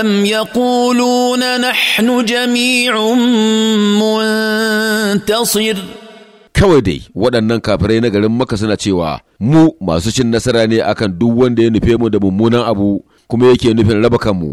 أم يقولون نحن جميع منتصر kawai dai waɗannan kafirai na garin maka suna cewa mu masu cin nasara ne akan duk wanda ya nufe mu da mummunan abu kuma yake nufin raba kanmu